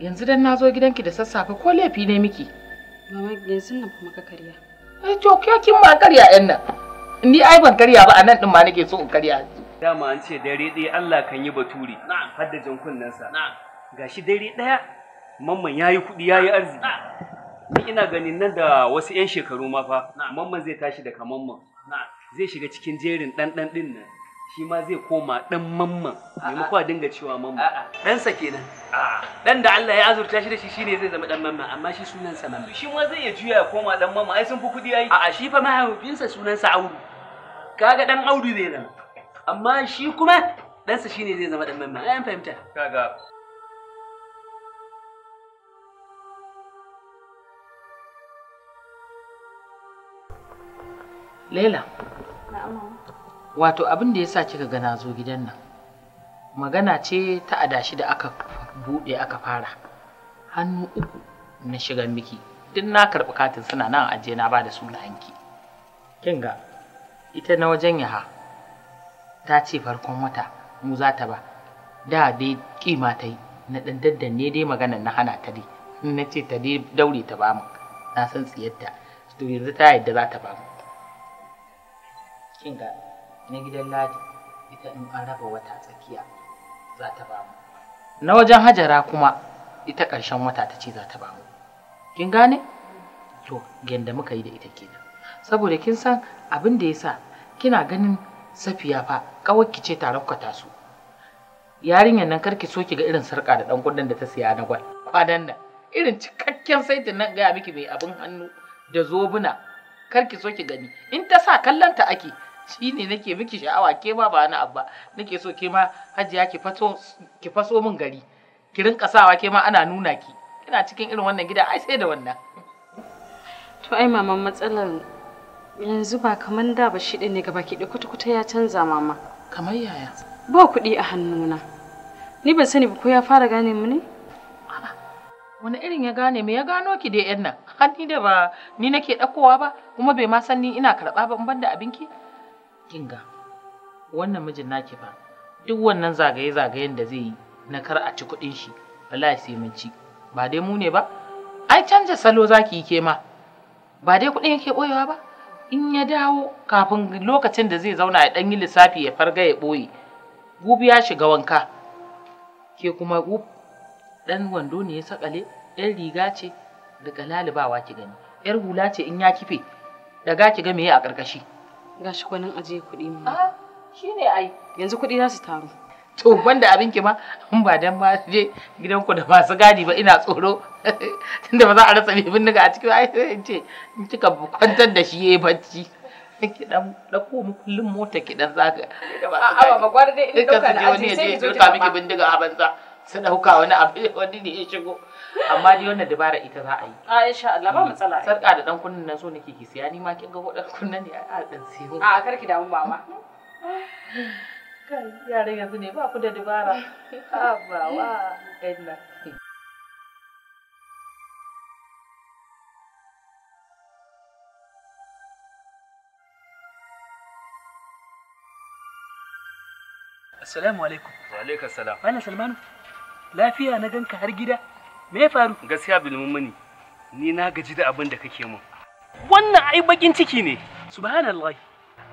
yanzu dan na zo gidanki da sassafe ko laifi ne miki mama yanzu nan kuma ka karya eh to ke kin ma karya yan nan ni ai ban karya ba anan din ma nake so in karya dama an ce dare ɗaya Allah kan yi baturi har da Ga gashi dare ɗaya mamman yayi kuɗi yayi arziki ni ina ganin nan da wasu 'yan shekaru ma fa mamman zai tashi daga mamman zai shiga cikin jerin ɗanɗan ɗin nan shi ma zai koma dan mamman maimako a dinga cewa mamman ɗansa kenan dan da Allah ya azurta shi da shi shine zai zama dan mamman amma shi sunansa mamman shi ma zai iya juya ya koma dan mamman ai sun fi kuɗi ai a'a shi fa mahaifinsa sunansa Audu kaga dan Audu zai zama amma shi kuma ɗansa shine zai zama dan mamman ai an fahimta kaga Leila. Na'am. wato abin da ya sa kika ga zo gidan nan magana ce ta adashi da aka buɗe aka fara hannu uku na shiga miki duk na karɓi katin suna nan ajiye na ba da sunayenki kin ga ita na wajen yaha ta ce farkon wata mu za ta ba da dai kima ta na ɗan daddanne dai magana na hana ta dai na ce ta dai daure ta ba mu na san tsiyarta to yanzu ta yadda za ta ba mu kin ga na gidan ladi ita in an raba wata tsakiya za ta ba mu na wajen hajara kuma ita ƙarshen wata ta ce za ta ba mu kin gane to yanda muka yi da ita kenan saboda kin san abin da yasa kina ganin safiya fa kawai ce tare ku su yarinyar nan karki so ki ga irin sarka da dan kudin da ta siya na gwal kwanan nan irin cikakken saitin nan ga miki mai abin hannu da zobuna karki so ki gani in ta sa kallanta ake shi ne nake miki sha'awa ke ma ba na abba nake so ke ma hajiya ki fato ki faso min gari ki rinka sawa ke ma ana nuna ki kina cikin irin wannan gida ai sai da wannan to ai mama matsalar yanzu ba kaman da ba shi ne gaba ki kuta-kuta ya canza mama kamar yaya ba kuɗi a hannuna ni ban sani ba ko ya fara gane mu ne wani irin ya gane me ya gano ki dai yan nan har ni da ba ni nake ɗakowa ba kuma bai ma san ni ina karɓa ba in banda abinki kinga wannan mijin naki fa duk wannan zagaye-zagayen da zai yi na kar a ci kuɗin shi wallahi sai mun ci ba dai mu ne ba ai canja salo zaki yi ke ma ba dai kuɗin yake ɓoyewa ba in ya dawo kafin lokacin da zai zauna ya ɗan yi lissafi ya farga ya ɓoye gubi ya shiga wanka ke kuma gub ɗan wando ne ya sakale ɗan riga ce da lalibawa ki gani 'yar hula ce in ya kife daga ki ga meye a ƙarƙashi. Gashi nan ajiye kuɗi mu. Ah, shine ai. Yanzu kuɗi za su taru. To banda abin ki ma in ba dan ma je gidanku da masu gadi ba ina tsoro tunda ba za a rasa bibin daga a cikin ai sai ce in kika kwantar da shi yi bacci. Ki dan dauko mu kullum mota ki dan zaka. a ba gwar dai in dauka da ajiye sai ki zo ta miki bindiga a banza. Su dauka wani abu wani ne ya shigo. amma dai wannan dabara ita za a yi a ah, insha Allah ba hmm. matsala sarka da dan kunnen nan so nake ki siya ni ma kin ga wadan kunnen ne a dan siyo a ah, karki damu mama kai yaran yanzu ne ba ku da dabara a ba wa ɗan Assalamu alaikum. Wa alaikum salam. Malam Salmanu, lafiya na ganka har gida? me ya faru gaskiya bilmumuni ni na gaji da abin da kake mun wannan ai bakin ciki ne subhanallah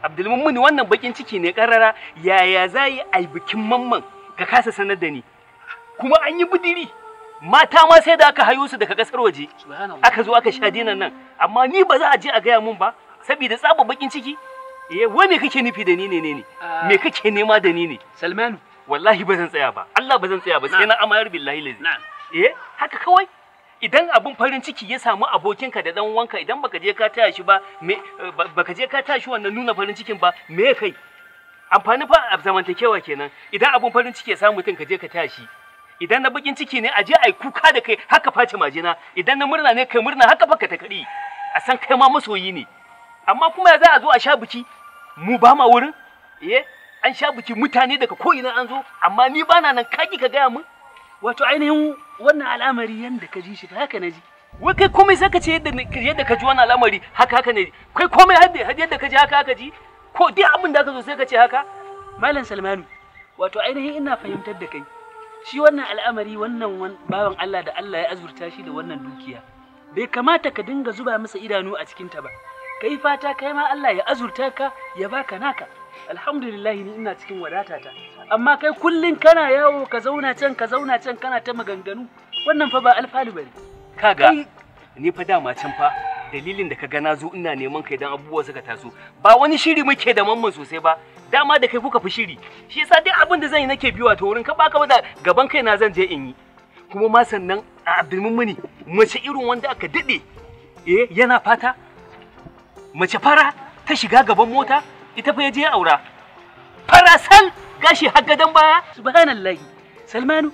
abdulmumuni wannan bakin ciki ne karara yaya za yi ai bikin mamman ka kasa sanar da ni kuma an yi budiri mata ma sai da aka hayo su daga kasar waje aka zo aka sha dinan nan amma ni ba za a je a gaya mun ba saboda tsaba bakin ciki eh wani kake nufi da ni ne ne ne ah. me kake nema da ni ne salmanu wallahi ba zan tsaya ba allah ba zan tsaya ba sai na amayar billahi lazi eh haka kawai idan abin farin ciki ya samu abokinka da dan uwanka idan baka je ka taya shi ba eh, baka je ka taya wannan nuna farin cikin ba me kai amfani fa a zamantakewa kenan idan abin farin ciki ya samu mutum ka je ka taya shi idan na bakin ciki ne a je ai kuka da kai haka face majina idan na murna ne kai murna haka baka ta kadi a san kai ma masoyi ne amma kuma ya za a zo a sha biki mu ba ma wurin eh an sha biki mutane daga ko ina an zo amma ni bana nan kaki ka gaya mun wato ainihin wannan al'amari yadda ka ji shi haka na ji wai kai komai sai ka ce yadda ka ji wannan al'amari haka haka ne kai komai hadde yadda ka ji haka haka ji ko duk abin da ka zo sai ka ce haka malam salmanu wato ainihin ina fahimtar da kai shi wannan al'amari wannan bawan Allah da Allah ya azurta shi da wannan dukiya bai kamata ka dinga zuba masa idanu a cikinta ba kai fata kai ma Allah ya azurta ka ya baka naka alhamdulillah ni ina cikin wadata ta amma kai kullun kana yawo ka zauna can ka zauna can kana ta maganganu wannan fa ba alfalu bane kaga ni fa dama can fa dalilin da kaga na zo ina neman kai dan abubuwa suka taso ba wani shiri muke da mamman sosai ba dama da kai kuka fi shiri shi yasa duk abin da zan yi nake biwa ta wurin ka baka ba gaban kai na zan je in yi kuma ma sannan a abdulmumuni mace irin wanda aka dade eh yana fata mace fara ta shiga gaban mota ita fa ya je aura farasal gashi har gadon baya subhanallahi salmanu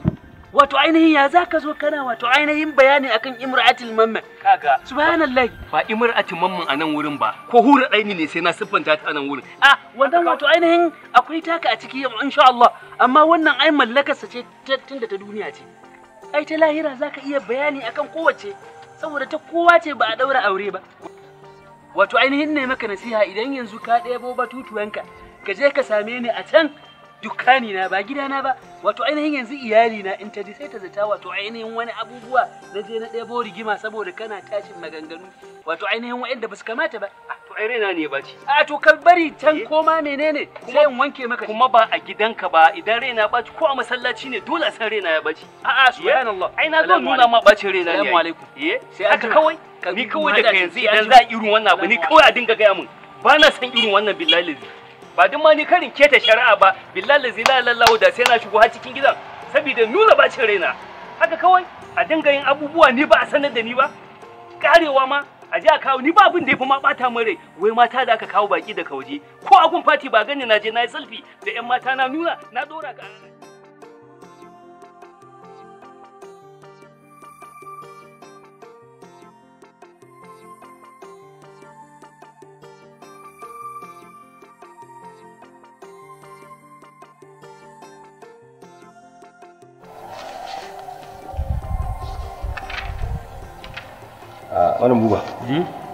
wato ainihin ya zaka zo kana wato ainihin bayani akan imra'atul mamman kaga subhanallahi ba imra'atul mamman anan wurin ba ko hura daini ne sai na siffanta ta anan wurin ah wannan wato ainihin akwai taka a ciki insha Allah amma wannan ai mallakar sa ce tunda ta duniya ce ai ta lahira zaka iya bayani akan kowace saboda ta kowa ce ba a daura aure ba wato ainihin ne maka nasiha idan yanzu ka ɗebo batutuwanka ka je ka same ni a can dukkani na ba gidana ba wato ainihin yanzu iyali na in ta sai ta zata wato ainihin wani abubuwa na je na ɗebo rigima saboda kana tashin maganganu wato ainihin wa'anda ba su kamata ba ah, ai raina ne baci a to kar bari can eh? koma menene sai in wanke maka kuma ba a gidanka ba idan raina baci ko a masallaci ne dole san raina ya baci a a subhanallah ai na zo nuna ma bacin raina ne assalamu eh sai haka kawai ni kawai daga yanzu idan za irin wannan abu ni kawai a dinga gaya mun ba na san irin wannan billahi ba duk ma ni karin keta shari'a ba billahi la ilaha da sai na shigo har cikin gidan saboda nuna bacin raina haka kawai a dinga yin abubuwa ni ba a sanar da ni ba karewa ma a je a kawo ni ba abin da ya fi ma bata min rai wai mata da aka kawo baki da waje ko a gun fati ba gani na je na yi selfie da yan mata na nuna na dora ka Malam ah, Buba.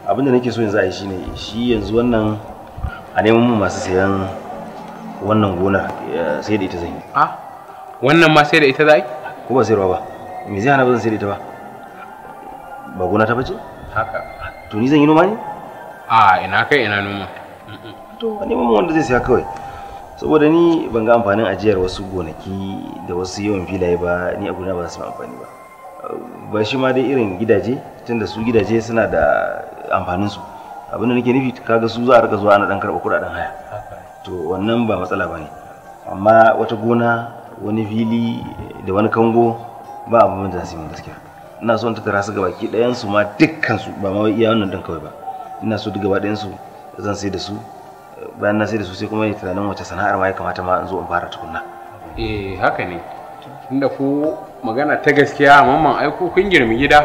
abin da nake so yanzu a yi shine shi yanzu wannan a neman mu masu sayan wannan gonar eh, sai da ita zai a wannan ma sai da ita zai ko ba sayarwa ba me zai hana ba zan sai da ita ba ba gona ta bace haka to ni zan yi noma ne a ina kai ina noma to a neman mu wanda zai saya kawai saboda ni ban ga amfanin ajiyar wasu gonaki da wasu yawan filaye ba ni a gona ba za su amfani ba ba shi ma dai irin gidaje tunda su gidaje suna da amfanin su abinda nake nufi kaga su za a rika zuwa ana dan karɓa kuɗaɗen haya to wannan ba matsala ba ne amma wata gona wani fili da wani kango ba abin da za su mun gaskiya ina so in tattara su gabaki ɗayan su ma dukkan su ba ma iya wannan dan kawai ba ina so duk gaba ɗayan su zan sai da su bayan na sai da su sai kuma yi tunanin wace sana'ar ma ya kamata ma in zo in fara tukunna eh haka ne tunda ko magana ta gaskiya mamman aiko kun girmi gida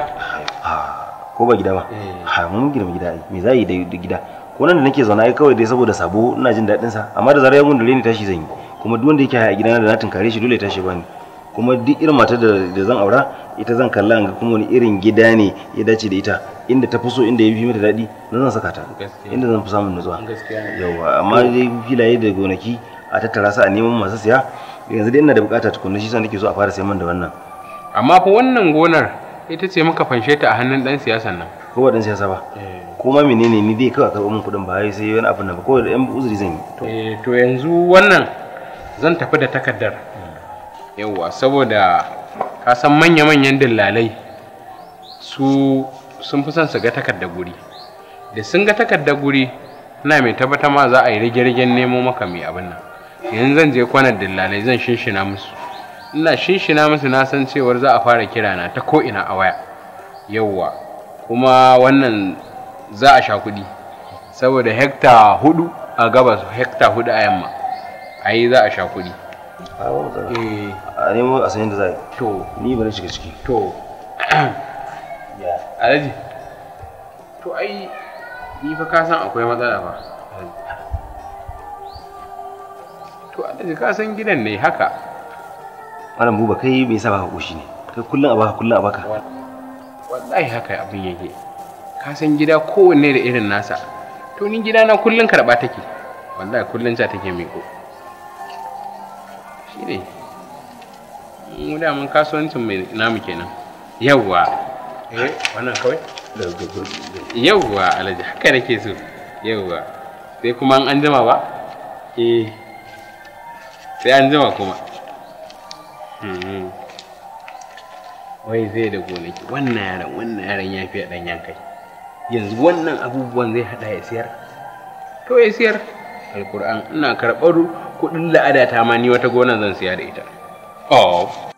ko ba gida ba eh. ha mun girma gida ai me za da gida ko nan da nake zauna ai kawai dai saboda sabo ina jin daɗin sa amma da zarar ya gundure ni tashi zan yi kuma duk wanda yake a gidana da na tunkare shi dole tashi bani kuma duk irin matar da zan aura ita zan kalla ga kuma wani irin gida ne ya dace da ita inda ta fi inda ya fi mata daɗi na zan saka ta inda zan fi samun nutsuwa yawa amma dai filaye da gonaki a tattara su a neman masu siya yanzu dai ina da bukata tukunna shi sa nake so a fara sayan man da wannan amma ko wannan gonar ita ce muka fanshe ta a hannun dan siyasan nan ko ba dan siyasa ba eh. kuma menene ni dai kawai karɓo min kuɗin ba sai wani abin da ba kawai da yan uzuri zan yi eh, to yanzu wannan zan tafi da takardar yawwa saboda ka san manya-manyan dillalai su sun fi son su ga takardar guri da sun ga takardar guri na mai tabbata ma za a yi rige nemo maka mai abin nan yanzu zan je kwanar dillalai zan shinshina musu ina shinshina musu na san cewar za a fara kirana ta ko'ina a waya yauwa kuma wannan za a sha kuɗi saboda hekta hudu a gabas hekta hudu a yamma a yi za a sha kuɗi eh. a nemo a sanin da za to ni bari shiga ciki to alhaji to ai ni fa ka san akwai matsala fa to alhaji ka san gidan ne haka malam buba kai me yasa baka koshi ne kai kullun a baka kullun a baka wallahi haka abin yake ka san gida kowanne da irin nasa to ni gida na kullun karba take wallahi kullun ta take miko shine mu da mun kasuwancin mai namu kenan yawwa eh wannan kawai yawwa alhaji haka nake so yawwa sai kuma an jima ba eh sai an jima kuma Eh. wai zai da gonaki wannan yaran wannan yaran ya fi dan yankai yanzu wannan abubuwan zai hada ya siyar to ya siyar alkur'an ina karɓar kuɗin la'ada ta ma ni wata gona zan siya da ita oh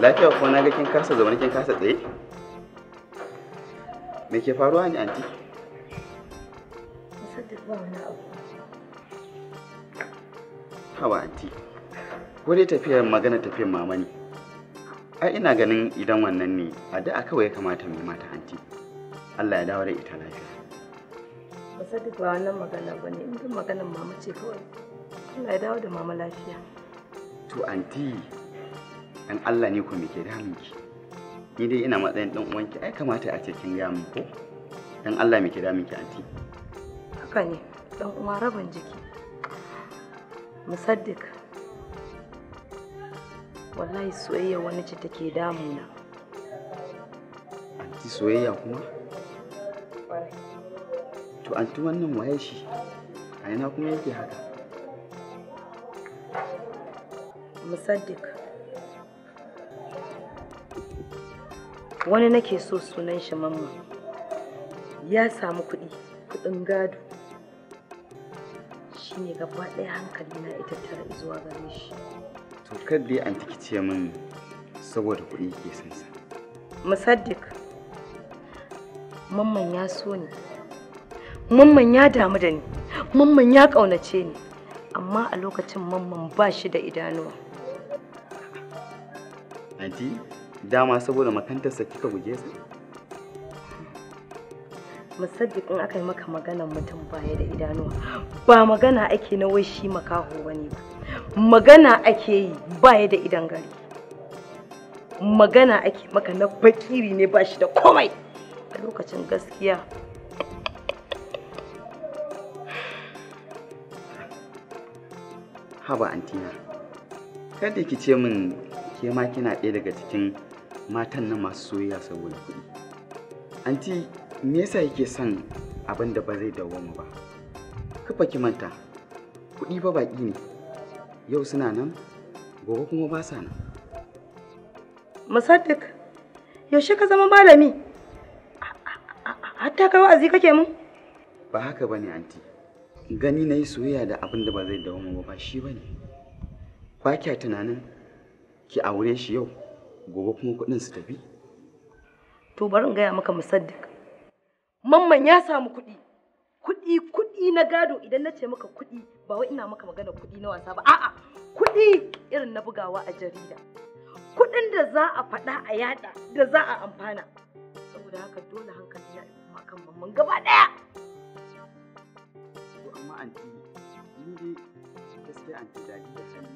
Lafiya kuma na ga kin kasa zaman kin kasa tsaye? Me ke faruwa ne anti? Hawa anti, ko dai tafiyar magana tafiyar mama ne. Ai ina ganin idan wannan ne, a da aka ya kamata mai mata anti. Allah ya dawo da ita lafiya. Ba sadi ba wannan magana ba ne, in magana mama ce kawai. Allah ya dawo da mama lafiya. To anti dan Allah ne ku me ke ki? Ni dai ina matsayin dan uwanki ai kamata a ce kin ga mu ko? Dan Allah me ke ki, anti? Haka ne dan uwa rabin jiki. Musaddiq wallahi soyayya wani ce take damuna. Anti soyayya kuma? To anti wannan waye shi? A ina kuma yake haka? musaddik wani nake so sunan shi mamma ya samu kuɗi kuɗin gado shi ne gaba ɗaya hankali na ita tara zuwa gare shi to kar dai an tikice min saboda kuɗi ke son sa musaddik mamman ya so ni mamman ya damu da ni mamman ya ƙaunace ni amma a lokacin mamman ba shi da idanuwa Anti, dama saboda makantarsa kika guje sa? Musaddiq in aka yi maka maganar mutum baya da idanuwa ba magana ake na wai shi makaho wani ba. Magana ake yi baya da idan gari. Magana ake maka na bakiri ne ba shi da komai a lokacin gaskiya. Haba antina, kada ki ce min ke ma kina ɗaya daga cikin matan na masu soyayya saboda kuɗi anti me yasa yake son abin da ba zai dawwama ba kafa ki manta kuɗi ba baƙi ne yau suna nan gobe kuma ba sa nan musaddiq yaushe ka zama malami hatta kai wa'azi kake mun ba haka bane anti gani na yi soyayya da abin da ba zai dawwama ba shi bane ba kya tunanin ki aure shi yau gobe kuma kuɗin su tafi to bari in gaya maka musaddiq mamman ya samu kuɗi kuɗi kuɗi na gado idan na ce maka kuɗi ba wai ina maka magana kuɗi na wasa ba a'a kuɗi irin na bugawa a jarida kuɗin da za a faɗa a yada da za a amfana saboda haka dole hankali ya kuma kan mamman gaba ɗaya amma anti gaskiya anti dadi da sani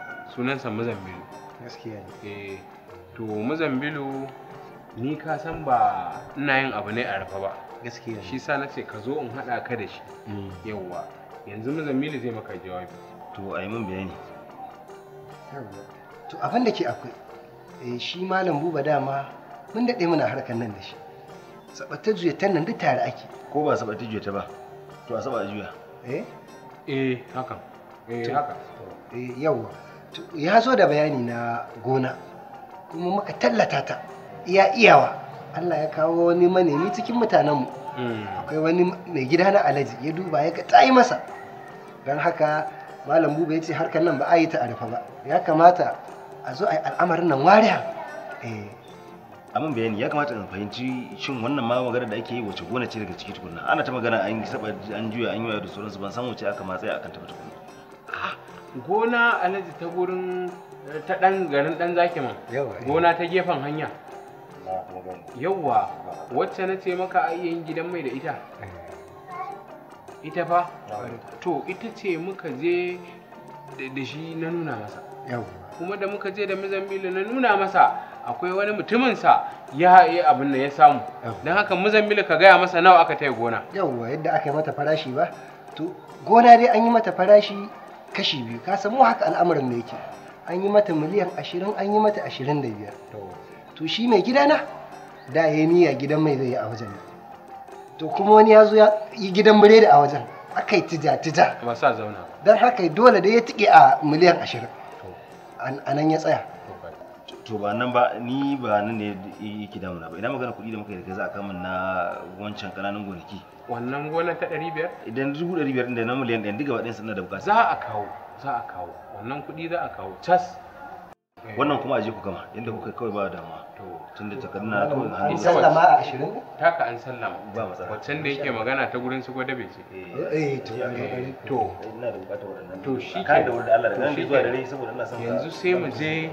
sunansa muzambilu gaskiya ne eh, to muzambilu ni ka san ba ina yin abu ne a rafa ba gaskiya shi sa na ce ka zo in haɗa ka da shi mm. yawwa yanzu muzambilu zai maka jawabi to a yi min bayani to abin da ke akwai eh, shi malam buba dama mun daɗe muna harkar nan da shi sabatar juyatan nan duk tare ake ko ba sabatar juyata ba to a saba juya eh eh hakan eh haka eh yawwa ya zo da bayani na gona kuma muka tallata ta iya iyawa Allah ya kawo wani manemi cikin mutanenmu mm. akwai wani mai gida na alaji ya duba ya ga tsayi masa don haka malam bube ya ce harkar nan ba a yi ta arfa ba ya kamata a zo a yi al'amarin nan wariya eh. amin bayani ya kamata in fahimci shin wannan ma magana da ake yi wace gona ce daga ciki tukunna ana ta magana an saba an juya an yi da sauransu ban san wace aka ma akan ta ah gona alhaji ta gurin eh, ta ɗan garin ɗan man gona ta gefen hanya yawwa wacce na ce maka ayyayin gidan mai da ita eh. ita fa to ita ce muka je da shi na nuna masa kuma da muka je da mizambila na nuna masa akwai wani mutuminsa ya haɗe abin da ya samu don haka mizambila ka gaya masa nawa aka taya gona yawwa yadda aka yi mata farashi ba to gona dai an yi mata farashi kashi biyu ka samo haka al'amarin da yake an yi mata miliyan ashirin an yi mata ashirin da biyar to shi mai gidana da ya niyya gidan mai zai yi a wajen to kuma wani ya zo ya yi gidan biredi a wajen aka yi tija tija don haka dole da ya tike a miliyan ashirin a nan ya tsaya to ba nan ba ni ba nan ne yake damuna ba idan magana kuɗi da muka yi da kai za a kama na wancan kananan gonaki wannan gonan ta 500 idan 500 din da na miliyan ɗaya duka waɗansu na da bukata za a kawo za a kawo wannan kuɗi za a kawo tas eh. wannan kuma aje ku gama yadda kuka kawai ba damuwa tun da takardu na kawai na hannu sallama a ashirin taka an sallama ba matsala wancan da yake magana ta gurin su gwada bece eh. eh to to ina da bukata wannan to shi ka da wurin Allah da nan zuwa dare saboda Allah san yanzu sai mu je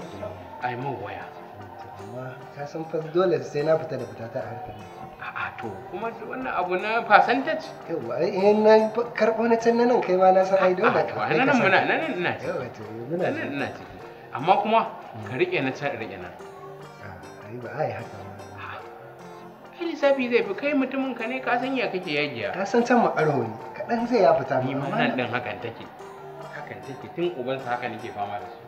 ai mun waya amma ka san fa dole sai na fita da fita ta hankali. a'a to kuma wannan abu na percentage yawa eh na karbo na can nan kai ma na san ai dole ka nan muna nan ina ci yawa to eh, muna nan ina ciki. amma kuma hmm. ka rike na can rike nan ai ba ai haka kai lissafi zai fi kai mutumin ka ne ka san ya kake yagiya ka san can makaro ne kaɗan zai ya fita ni ma nan ɗin hakan take hakan take tun ubansa haka nake fama da su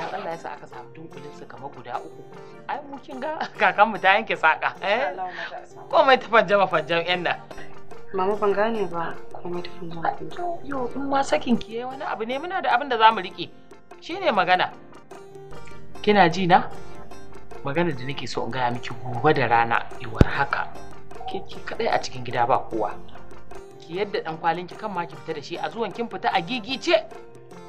idan Allah ya sa aka samu dunkulin su kamar guda uku ai mu kin ga kakan mu ta yanke saka eh komai ta fanjama fanjan yan nan mama ban gane ba komai ta fanjama yo in ma sakin ki yayi wani abu ne muna da abin da zamu rike shine magana kina ji na magana da nake so in gaya miki gobe da rana iwar haka ke ki kadai a cikin gida ba kowa ki yadda dan kwalin ki kan ma ki fita da shi a zuwan kin fita a gigice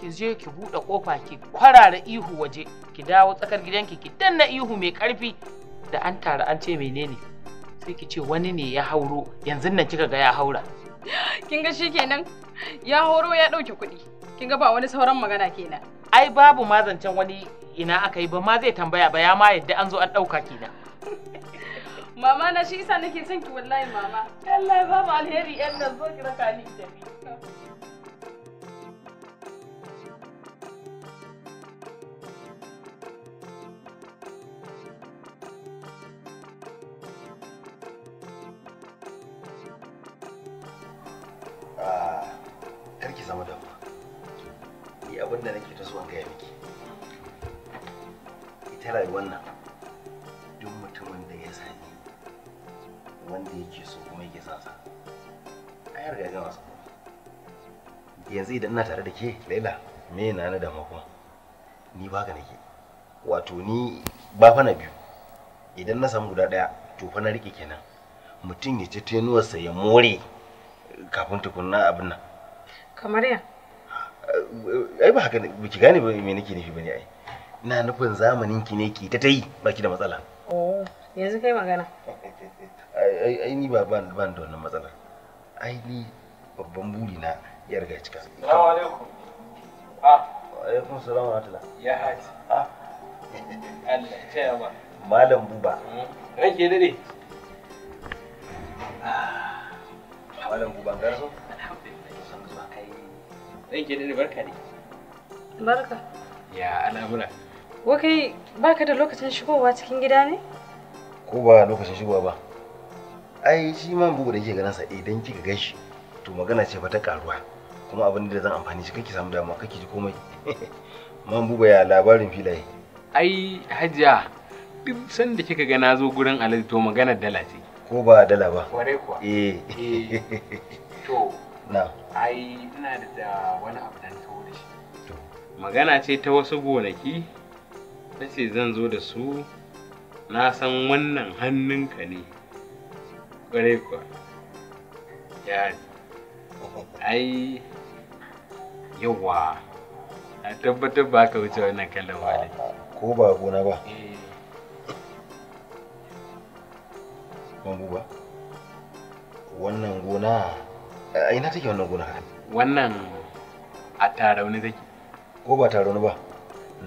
ki je ki buɗe kofa ki kwarara ihu waje ki dawo tsakar gidanki ki danna ihu mai karfi da an tara an ce menene sai ki ce wani ne ya hauro yanzu nan kika ga ya haura kin ga shikenan ya hauro ya ɗauki kuɗi kin ga ba wani sauran magana kenan ai babu ma zancen wani ina aka yi ba ma zai tambaya ba ya ma yadda an zo an ɗauka kenan mama na shi isa nake son ki wallahi mama Allah ya ba mu alheri yan nan zo ki raka ni tafi Ah, karki zama da ni abin da nake ta zuwa gaya miki ita rayuwar nan duk mutumin da ya sani wanda yake so kuma yake sa sa ai har gaga masa yanzu idan ina tare da ke laila me na na damu kuma ni ba ka nake wato ni ba fa na biyu idan na samu guda daya to fa na rike kenan mutum ya ci tenuwarsa ya more kafin tukunna abin nan kamar ya eh, ai ba haka ba ki gane me nake nufi bane ai ina nufin zamanin ki ne ki ta ba baki da matsala oh yanzu kai magana ai ai ni ba ban ban da wannan matsala ai ni babban buri na ya riga cika assalamu alaikum ah alaikum salam wa rahmatullah ya haji ah Allah ya taya malam buba hmm. rage dade Malam Buban Garzo. Zan ke dare barka ne. Barka. Ya al'amura. Wakai baka da lokacin shigowa cikin gida ne? Ko ba lokacin shigowa ba. Ai shi man bugu da yake ganin sa idan kika gan shi to magana ce ba ta karuwa. Kuma abin da zan amfani shi kake samu damuwa kake ji komai. Man bugu ya labarin filaye. Ai hajiya duk sanda kika ga na zo gurin Alhaji to magana dala ce. ko ba dala ba kware kuwa eh, eh. to na ai ina da wani abu da taho da shi magana ce ta wasu gonaki ta ce zan zo da su na san wannan hannunka ne kware kuwa ya ai yawa a tabbatar ba ka wuce wannan kallon wale ko ba gona ba eh Mabuba, wannan gona, a ina take wannan gona? Wannan a tarauni take. Ko ba tarauni ba?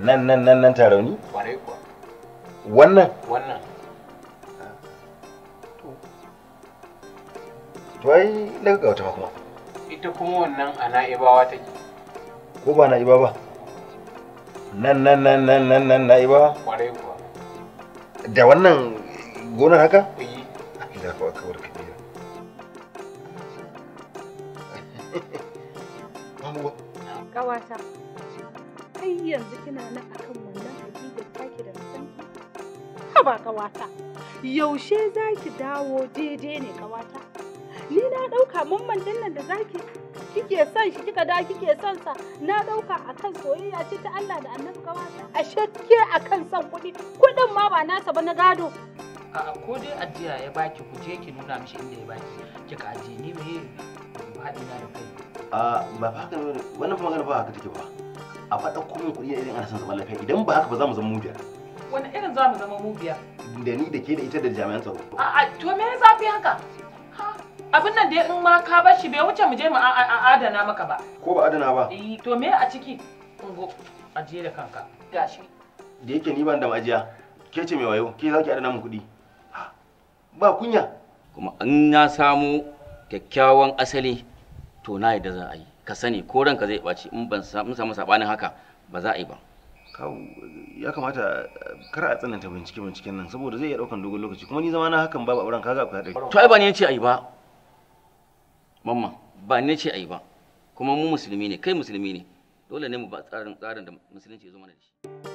Nan nan nan nan tarauni? Kwarai kuwa. Wannan? Wannan. To ai daga ga wata kuma. Ita kuma wannan a na'ibawa take. Ko ba na'iba ba? Nan nan nan nan nan na'ibawa? Kwarai kuwa. Da wannan gonar haka? Eh. كبر هو kawata kai yanzu kina nan akan wannan hakikar taki da mutunci haba kawata yaushe zaki dawo daidai ne kawata ni na dauka mamman dinnan da zaki kike son shi kika da kike son sa na dauka akan soyayya ce ta Allah da Annabi kawata ashe ke akan son kuɗi kuɗin ma ba nasa ba na gado a ko dai ajiya ya baki ku je ki nuna mishi inda ya baki kika je ni me haɗi na da kai a ba fa haka wannan magana ba haka take ba a faɗa kuma kuɗi irin ana son zaman lafiya idan ba haka ba za mu zama mubiya wani irin za mu zama mubiya da ni da ke da ita da jami'an tsaro a'a to me ya zafi haka abin nan da in ma ka bar shi bai wuce mu je mu adana maka ba ko ba adana ba eh to me a ciki ungo ajiye da kanka gashi da yake ni ban da ma'ajiya ke ce mai wayo ke zaki adana mu kuɗi ba kunya kuma an na samu kyakkyawan asali to na yadda za a yi ka sani ko ranka zai ɓaci in ban samu sabanin haka ba za a yi ba kawo ya kamata eh, kar a tsananta bincike binciken nan saboda zai iya daukan dogon lokaci kuma ni zama na hakan babu auren kaga akwai hadari to ai ba ni ce ai ba mamma ba ni ce ai ba kuma mu musulmi ne kai musulmi ne dole ne mu ba tsarin tsarin da musulunci ya zo mana da shi